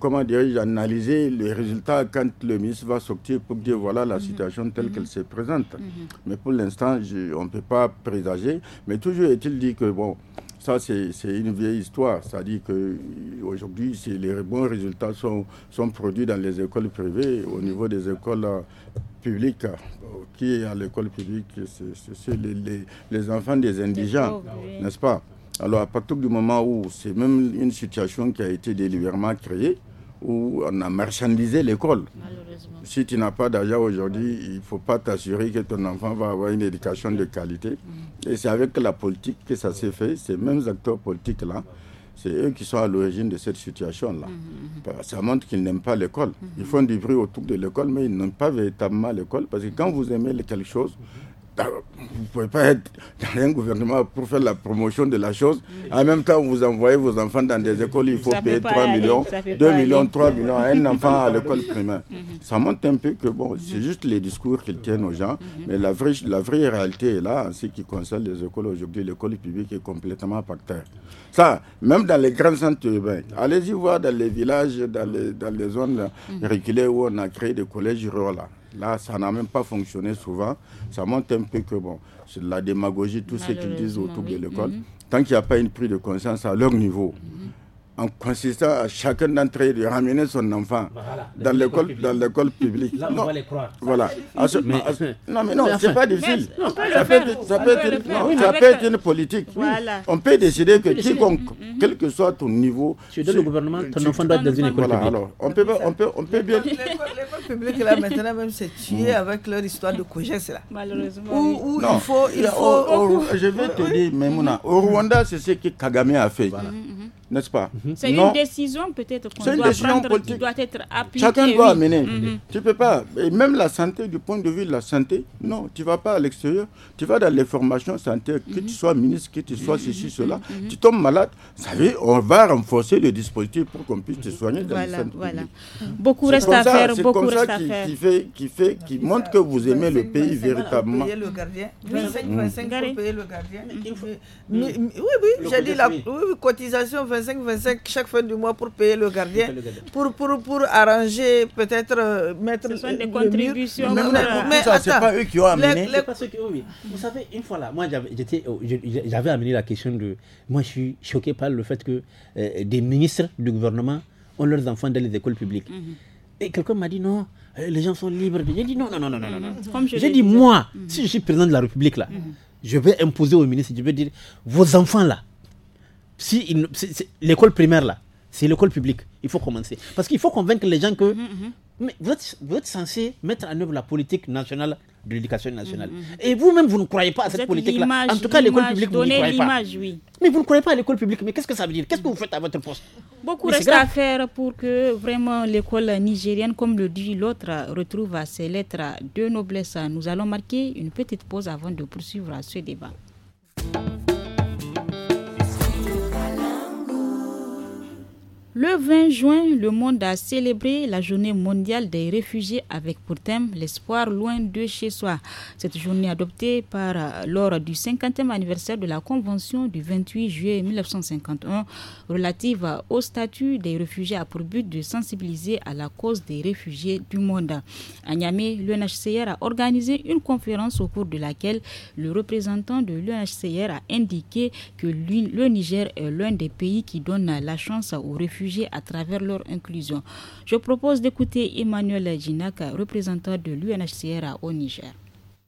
comment dirais-je, analyser les résultats quand le ministre va sortir pour dire voilà la mm-hmm. situation telle mm-hmm. qu'elle se présente. Mm-hmm. Mais pour l'instant, on ne peut pas présager. Mais toujours est-il dit que, bon, ça, c'est une vieille histoire. C'est-à-dire qu'aujourd'hui, les bons résultats sont, produits dans les écoles privées, au niveau des écoles euh, publiques. Euh, qui est à l'école publique C'est les, les, enfants des indigents, n'est-ce pas Alors, à partir du moment où c'est même une situation qui a été délibérément créée, où on a marchandisé l'école. Si tu n'as pas d'argent aujourd'hui, il ne faut pas t'assurer que ton enfant va avoir une éducation de qualité. Mm. Et c'est avec la politique que ça s'est fait, ces mêmes acteurs politiques-là. C'est eux qui sont à l'origine de cette situation-là. Mm, mm, ça montre qu'ils n'aiment pas l'école. Ils font du bruit autour de l'école, mais ils n'aiment pas véritablement l'école. Parce que quand vous aimez quelque chose, vous ne pouvez pas être dans un gouvernement pour faire la promotion de la chose. En même temps, vous envoyez vos enfants dans des écoles, il faut payer 3 millions, 2 millions, 3 millions à un enfant à l'école primaire. Mhm. Ça montre un peu que, bon, c'est juste les discours qu'ils tiennent aux gens, mhm. mais la vraie, la vraie réalité est là en ce qui concerne les écoles aujourd'hui. L'école publique est complètement par terre. Ça, même dans les grands centres urbains, allez-y voir dans les villages, dans les, dans les zones mhm. reculées où on a créé des collèges ruraux. Là, ça n'a même pas fonctionné souvent. Ça montre un peu que, bon, c'est de la démagogie, tout ce qu'ils disent autour de l'école. Tant qu'il n'y a pas une prise de conscience à leur niveau, mhm en consistant à chacun d'entre eux de ramener son enfant dans l'école dans l'école publique. Là, on va les croire. Voilà. mais, non, mais non, pas difficile. ça, peut être, ça, peut être, non, peut être, une politique. On peut décider que quiconque, mhm, mhm. quel que soit ton niveau, tu donnes le gouvernement, ton enfant doit être dans une école voilà, publique. Alors, on peut, on peut, on peut bien. L'école publique là maintenant même c'est tué mm. avec leur histoire de cogès là. Malheureusement. Où, il faut, il faut. *laughs* je vais te dire, Memouna, au Rwanda, c'est ce que Kagame a fait. Mm, mm, n'est-ce pas mhm. C'est une décision peut-être qu'on doit prendre, politique. qui doit être appliquée. Chacun doit amener mener. Mhm. Tu peux pas. Et même la santé, du point de vue de la santé, non, tu ne vas pas à l'extérieur. Tu vas dans les formations santé, que tu mhm. sois ministre, que tu sois ceci, cela. Tu tombes malade, vous savez, on va renforcer le dispositif pour qu'on puisse te soigner dans voilà, voilà. Beaucoup reste à faire, beaucoup reste à faire. Qui fait, qui fait, qui montre que vous aimez le pays véritablement. le payer le gardien. Oui, oui, j'ai dit la cotisation 25 25, 25 chaque fin du mois pour payer le gardien, pour, pour, pour arranger, peut-être euh, mettre. des contributions. Mais, euh, c'est pas eux qui ont amené. Vous savez, une fois là, moi j'avais amené la question de. Moi je suis choqué par le fait que euh, des ministres du gouvernement ont leurs enfants dans les écoles publiques. Mhm. Et quelqu'un m'a dit non, les gens sont libres. J'ai dit non, non, non, non, non, non. Mhm. J'ai dit moi, mhm. si je suis président de la République là, je vais imposer au ministre, je vais dire vos enfants là l'école primaire là, c'est l'école publique. Il faut commencer. Parce qu'il faut convaincre les gens que mm, mm, mm. vous, êtes, censé mettre en œuvre la politique nationale de l'éducation nationale. Et vous-même, vous ne croyez pas à cette politique-là. En tout cas, l'école publique, vous ne croyez pas. Oui. Mais vous ne croyez pas à l'école publique. Mais qu'est-ce que ça veut dire Qu'est-ce que vous faites à votre poste Beaucoup reste à faire pour que vraiment l'école nigérienne, comme le dit l'autre, retrouve à ses lettres de noblesse. Nous allons marquer une petite pause avant de poursuivre ce débat. Le 20 juin, le monde a célébré la journée mondiale des réfugiés avec pour thème l'espoir loin de chez soi. Cette journée adoptée par euh, lors du 50e anniversaire de la Convention du 28 juillet 1951 relative au statut des réfugiés a pour but de sensibiliser à la cause des réfugiés du monde. À Niamey, l'UNHCR a organisé une conférence au cours de laquelle le représentant de l'UNHCR a indiqué que le Niger est l'un des pays qui donne la chance aux réfugiés à travers leur inclusion. Je propose d'écouter Emmanuel Aginaka, représentant de l'UNHCR au Niger.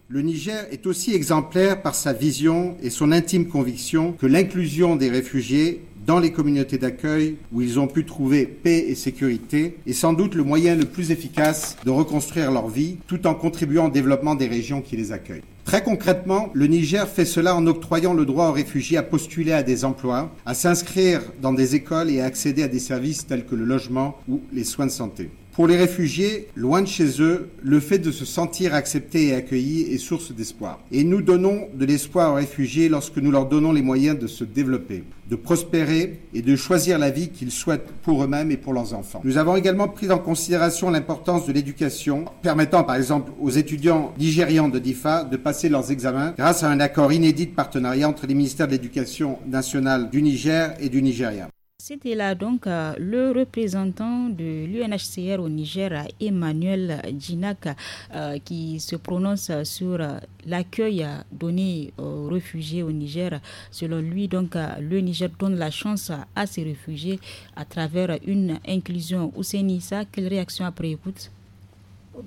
Le Niger est aussi exemplaire par sa vision et son intime conviction que l'inclusion des réfugiés dans les communautés d'accueil où ils ont pu trouver paix et sécurité est sans doute le moyen le plus efficace de reconstruire leur vie tout en contribuant au développement des régions qui les accueillent. Très concrètement, le Niger fait cela en octroyant le droit aux réfugiés à postuler à des emplois, à s'inscrire dans des écoles et à accéder à des services tels que le logement ou les soins de santé. Pour les réfugiés, loin de chez eux, le fait de se sentir accepté et accueilli est source d'espoir. Et nous donnons de l'espoir aux réfugiés lorsque nous leur donnons les moyens de se développer, de prospérer et de choisir la vie qu'ils souhaitent pour eux-mêmes et pour leurs enfants. Nous avons également pris en considération l'importance de l'éducation, permettant par exemple aux étudiants nigérians de DIFA de passer leurs examens grâce à un accord inédit de partenariat entre les ministères de l'Éducation nationale du Niger et du Nigeria. C'était là donc euh, le représentant de l'UNHCR au Niger, Emmanuel Djinak, euh, qui se prononce sur euh, l'accueil donné aux réfugiés au Niger. Selon lui, donc, le Niger donne la chance à ces réfugiés à travers une inclusion. ça. quelle réaction après écoute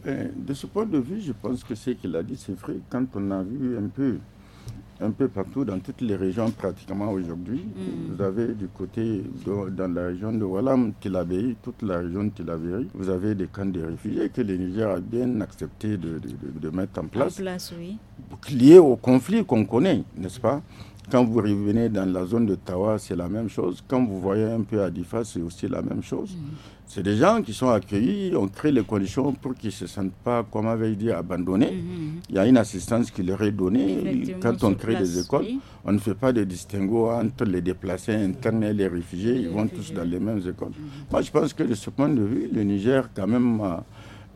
eh De ce point de vue, je pense que ce qu'il a dit, c'est vrai. Quand on a vu un peu un peu partout, dans toutes les régions pratiquement aujourd'hui. Mm. Vous avez du côté, dans la région de Walam, tilabéry toute la région de Tilabéry, vous avez des camps de réfugiés que le Niger a bien accepté de, mettre en place. En place oui. Liés au conflit qu'on connaît, n'est-ce pas quand vous revenez dans la zone de Tawa, c'est la même chose. Quand vous voyez un peu à Difa, c'est aussi la même chose. Mm. C'est des gens qui sont accueillis, on crée les conditions pour qu'ils ne se sentent pas, comme avait dit, abandonnés. Mm-hmm, mm-hmm. Il y a une assistance qui leur est donnée. Quand on crée des écoles, on ne fait pas de distinguo entre les déplacés internes et les réfugiés. Ils vont tous dans les mêmes écoles. Mm-hmm. Moi, je pense que de ce point de vue, le Niger, quand même,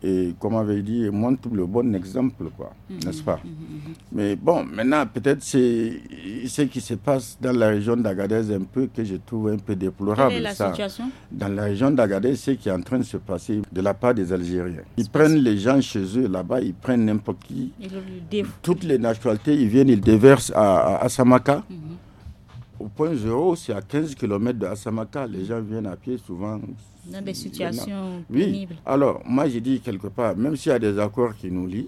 et comme avait dit, montre le bon exemple, quoi, mm-hmm. n'est-ce pas mm-hmm, mm-hmm. Mais bon, maintenant, peut-être c'est ce qui se passe dans la région d'Agadez un peu que je trouve un peu déplorable. ça. Dans la région d'Agadez, ce qui est en train de se passer de la part des Algériens. Ils prennent les gens chez eux là-bas, ils prennent n'importe qui. Toutes les nationalités, ils viennent, ils déversent à Samaka au point zéro, c'est à 15 km de Assamaka. Les gens viennent à pied souvent. Dans des situations pénibles. oui. Alors, moi, j'ai dit quelque part, même s'il y a des accords qui nous lient,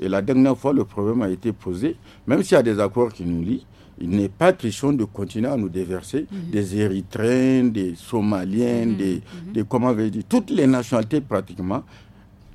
et la dernière fois, le problème a été posé, même s'il y a des accords qui nous lient, il n'est pas question de continuer à nous déverser mhm. des Érythréens, des Somaliens, mhm. des, mhm. des, comment vais-je dire, toutes les nationalités pratiquement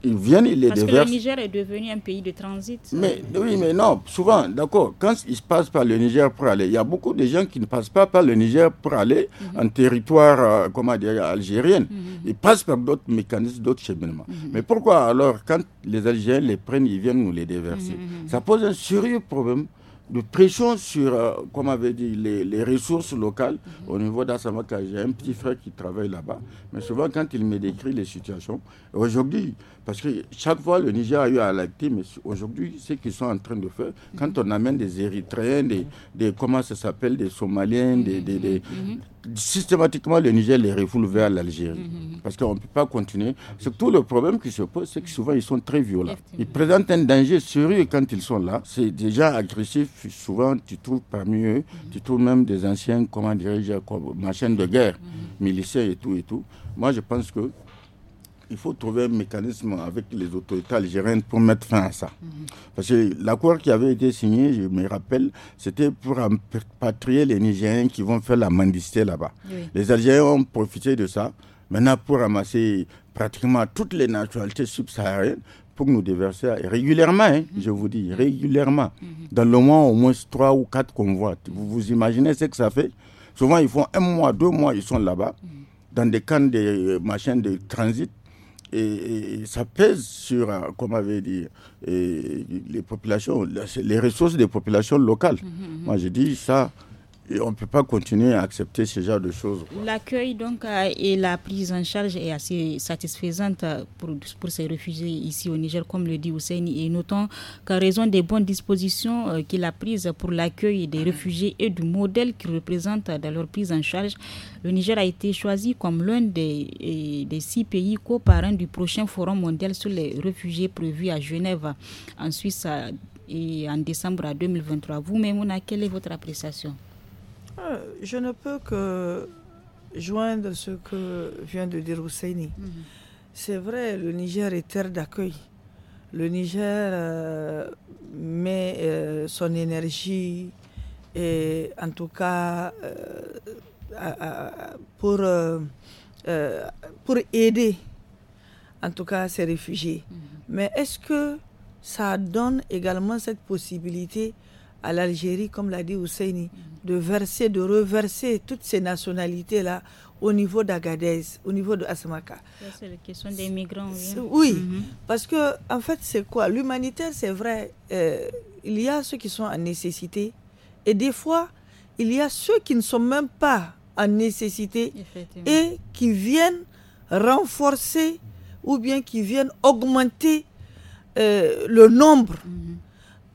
ils viennent, ils les Parce déversent. Parce que le Niger est devenu un pays de transit. Mais, oui, mais non, souvent, d'accord, quand ils passent par le Niger pour aller, il y a beaucoup de gens qui ne passent pas par le Niger pour aller mhm. en territoire, euh, comment dire, algérien. Mhm. Ils passent par d'autres mécanismes, d'autres cheminements. Mhm. Mais pourquoi alors, quand les Algériens les prennent, ils viennent nous les déverser Ça pose un sérieux problème de pression sur, euh, comme avait dit, les, ressources locales au niveau d'Assamaka. J'ai un petit frère qui travaille là-bas, mais souvent quand il me décrit les situations, aujourd'hui, parce que chaque fois, le Niger a eu à l'acter, mais aujourd'hui, ce qu'ils sont en train de faire, quand on amène des Érythréens, des, comment ça s'appelle, des Somaliens, des, des, systématiquement, le Niger les refoule vers l'Algérie. Parce qu'on ne peut pas continuer. C'est tout le problème qui se pose, c'est que souvent, ils sont très violents. Ils présentent un danger sérieux quand ils sont là. C'est déjà agressif. Souvent, tu trouves parmi eux, tu trouves même des anciens, comment dirais-je, machines de guerre, miliciens et tout et tout. Moi, je pense que il faut trouver un mécanisme avec les autorités algériennes pour mettre fin à ça. Mhm. Parce que l'accord qui avait été signé, je me rappelle, c'était pour rapatrier les Nigériens qui vont faire la mendicité là-bas. Les Algériens ont profité de ça, maintenant pour ramasser pratiquement toutes les nationalités subsahariennes pour nous déverser régulièrement, hein, mhm. je vous dis, régulièrement. Mhm. Dans le moins, au moins trois ou quatre convois. Vous vous imaginez ce que ça fait Souvent, ils font un mois, deux mois, ils sont là-bas, dans des camps de machines de transit et, ça pèse sur, euh, comme avait dit, euh, les populations, les ressources des populations locales. Mhm, mhm. Moi, je dis ça, on ne peut pas continuer à accepter ce genre de choses. L'accueil donc euh, et la prise en charge est assez satisfaisante euh, pour, pour ces réfugiés ici au Niger, comme le dit Ousseini. Et notons qu'en raison des bonnes dispositions euh, qu'il a prises pour l'accueil des réfugiés et du modèle qu'il représente dans leur prise en charge, le Niger a été choisi comme l'un des, des, six pays coparents du prochain Forum mondial sur les réfugiés prévu à Genève, en Suisse, et en décembre 2023. Vous, même quelle est votre appréciation euh, je ne peux que joindre ce que vient de dire Husseini. Mhm. C'est vrai, le Niger est terre d'accueil. Le Niger euh, met euh, son énergie en tout cas pour, pour aider en tout cas ces réfugiés. Mhm. Mais est-ce que ça donne également cette possibilité à l'Algérie, comme l'a dit Husseini, de verser, de reverser toutes ces nationalités-là au niveau d'Agadez, au niveau de Asmaka. C'est la question des migrants. Oui, mhm. parce que en fait, c'est quoi L'humanitaire, c'est vrai, euh, il y a ceux qui sont en nécessité, et des fois, il y a ceux qui ne sont même pas en nécessité et qui viennent renforcer ou bien qui viennent augmenter euh, le nombre. Mhm.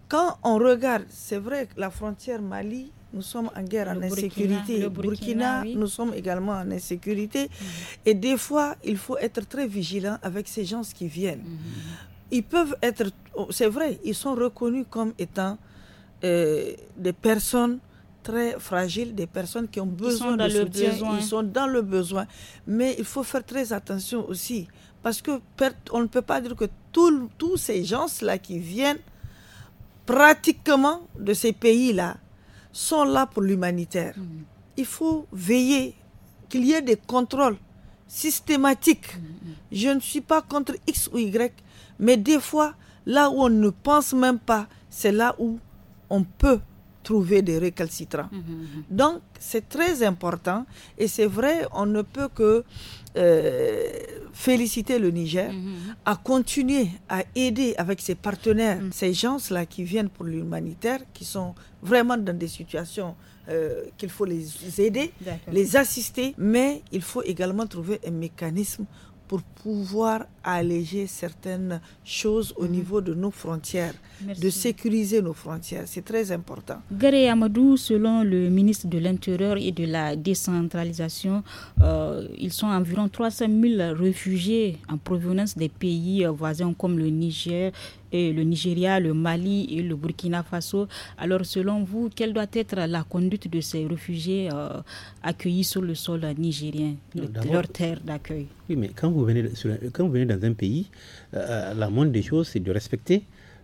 Quand on regarde, c'est vrai que la frontière Mali, nous sommes en guerre, en insécurité. Burkina, nous sommes également en insécurité. Mm-hmm. Et des fois, il faut être très vigilant avec ces gens qui viennent. Mm-hmm. Ils peuvent être, oh, c'est vrai, ils sont reconnus comme étant euh, des personnes très fragiles, des personnes qui ont besoin de soutien, ils sont dans le besoin. Mais il faut faire très attention aussi, parce que on ne peut pas dire que tous ces gens-là qui viennent pratiquement de ces pays-là sont là pour l'humanitaire. Mm. Il faut veiller qu'il y ait des contrôles systématiques. Mm, mm, Je ne suis pas contre X ou Y, mais des fois, là où on ne pense même pas, c'est là où on peut trouver des récalcitrants. Donc, c'est très important et c'est vrai, on ne peut que euh, féliciter le Niger, mm-hmm. à continuer à aider avec ses partenaires, mm. ces gens-là qui viennent pour l'humanitaire, qui sont vraiment dans des situations euh, qu'il faut les aider, les assister, mais il faut également trouver un mécanisme pour pouvoir alléger certaines choses au mhm. niveau de nos frontières, de sécuriser nos frontières. C'est très important. Gare Amadou, selon le ministre de l'Intérieur et de la décentralisation, euh, ils sont environ 300 000 réfugiés en provenance des pays voisins comme le Niger, et le Nigeria, le Mali et le Burkina Faso. Alors selon vous, quelle doit être la conduite de ces réfugiés euh, accueillis sur le sol nigérien, leur terre d'accueil Oui, mais quand vous venez, quand venez dans un pays, euh, euh, la moindre des choses, c'est de respecter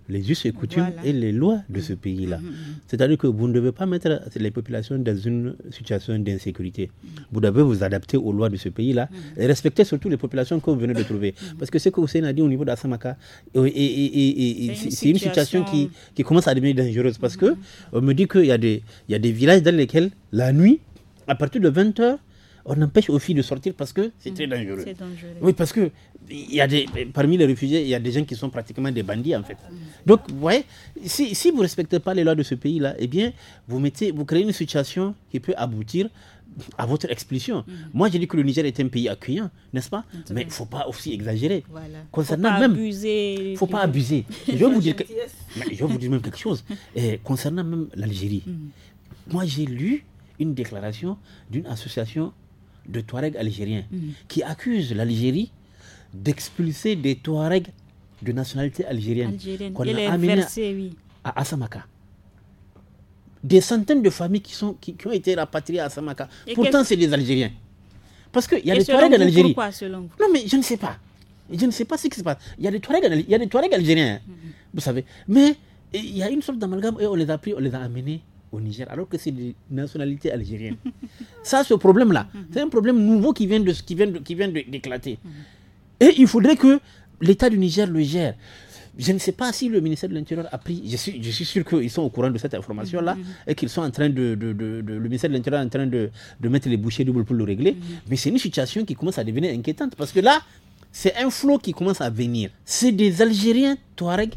les us et coutumes et les lois de ce mm. pays-là. Mm, mm, C'est-à-dire que vous ne devez pas mettre les populations dans une situation d'insécurité. Vous devez vous adapter aux lois de ce pays-là et respecter surtout les populations que vous venez de trouver. Parce que ce que Hussein a dit au niveau d'Assamaka, et, c'est une, situation qui, commence à devenir dangereuse parce que on me dit qu'il y, a des, il y a des villages dans lesquels la nuit, à partir de 20 h on empêche aux filles de sortir parce que c'est très dangereux. Oui, parce que parmi les réfugiés, il y a des gens qui sont pratiquement des bandits, en fait. Mm. Donc, vous voyez, si, vous ne respectez pas les lois de ce pays-là, eh bien, vous, mettez, vous créez une situation qui peut aboutir à votre expulsion. Mm. Moi, j'ai dit que le Niger est un pays accueillant, n'est-ce pas Mais il ne faut pas aussi exagérer. Voilà. faut pas Il abuser. faut pas abuser. *laughs* je vais vous dire, même quelque chose. *laughs* concernant même l'Algérie, mm. moi, j'ai lu une déclaration d'une association de Touaregs algériens mhm. qui accusent l'Algérie d'expulser des Touaregs de nationalité algérienne, algérienne. qu'on a amenés à Assamaka. Des centaines de familles qui, sont, qui, ont été rapatriées à Assamaka. Pourtant, c'est des Algériens. Parce qu'il y a des Touaregs en Algérie. Non, mais je ne sais pas. Je ne sais pas ce qui se passe. Il y a des Touaregs, algériens, mhm. vous savez. Mais il y a une sorte d'amalgame et on les a pris, on les a amenés au Niger, alors que c'est des nationalités algériennes. *laughs* Ça, ce problème-là, c'est un problème nouveau qui vient d'éclater. qui vient d'éclater. Et il faudrait que l'État du Niger le gère. Je ne sais pas si le ministère de l'Intérieur a pris. Je suis, je suis sûr qu'ils sont au courant de cette information-là mm-hmm. Mm-hmm. et qu'ils sont en train de, Le ministère de l'Intérieur est en train de, mettre les bouchées doubles pour le régler. Mm-hmm. Mais c'est une situation qui commence à devenir inquiétante parce que là, c'est un flot qui commence à venir. C'est des Algériens Touareg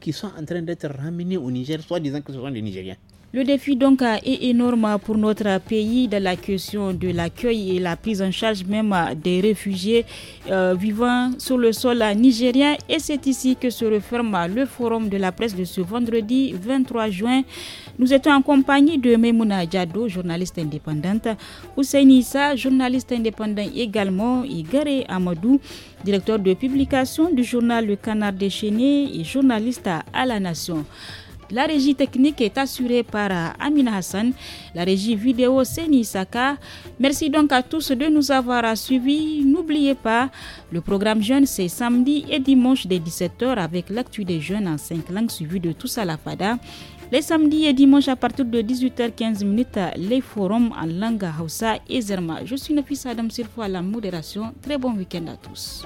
qui sont en train d'être ramenés au Niger, soit disant que ce sont des Nigériens. Le défi donc euh, est énorme pour notre pays dans la question de l'accueil et la prise en charge même euh, des réfugiés euh, vivant sur le sol nigérien et c'est ici que se referme le forum de la presse de ce vendredi 23 juin. Nous étions en compagnie de Memouna Diado, journaliste indépendante, Hussein Issa, journaliste indépendant également, Igare Amadou, directeur de publication du journal Le Canard déchaîné et journaliste à La Nation. La régie technique est assurée par euh, Amina Hassan, la régie vidéo c'est Saka. Merci donc à tous de nous avoir suivis. N'oubliez pas, le programme Jeunes, c'est samedi et dimanche des 17h avec l'actu des jeunes en 5 langues suivi de tous à la FADA. Les samedis et dimanches à partir de 18h15, les forums en langue Hausa et Zerma. Je suis Nafisa Adam Sirfo à la modération. Très bon week-end à tous.